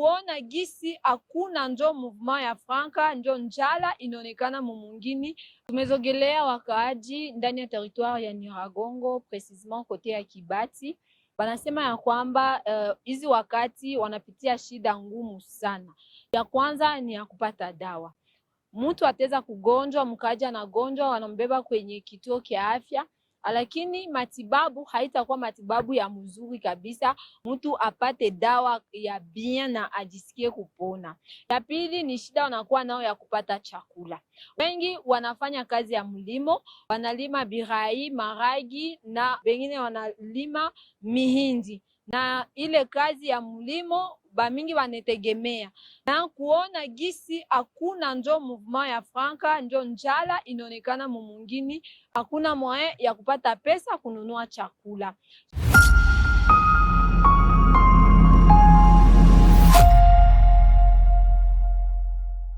kuona gisi hakuna njo movement ya franka njo njala inaonekana mumungini. Tumezogelea wakaaji ndani ya territoire ya Nyiragongo, precisement kote ya Kibati, wanasema ya kwamba euh, hizi uh, wakati wanapitia shida ngumu sana. Ya kwanza ni ya kupata dawa, mtu ateza kugonjwa, mkaaji anagonjwa, wanambeba kwenye kituo kya afya lakini matibabu haitakuwa matibabu ya mzuri kabisa, mtu apate dawa ya bia na ajisikie kupona. Ya pili ni shida wanakuwa nao ya kupata chakula. Wengi wanafanya kazi ya mlimo, wanalima birai, maragi na wengine wanalima mihindi na ile kazi ya mlimo bamingi wanetegemea na kuona gisi hakuna njo mouvement ya franka, njo njala inaonekana mumungini, hakuna mwae ya kupata pesa kununua chakula.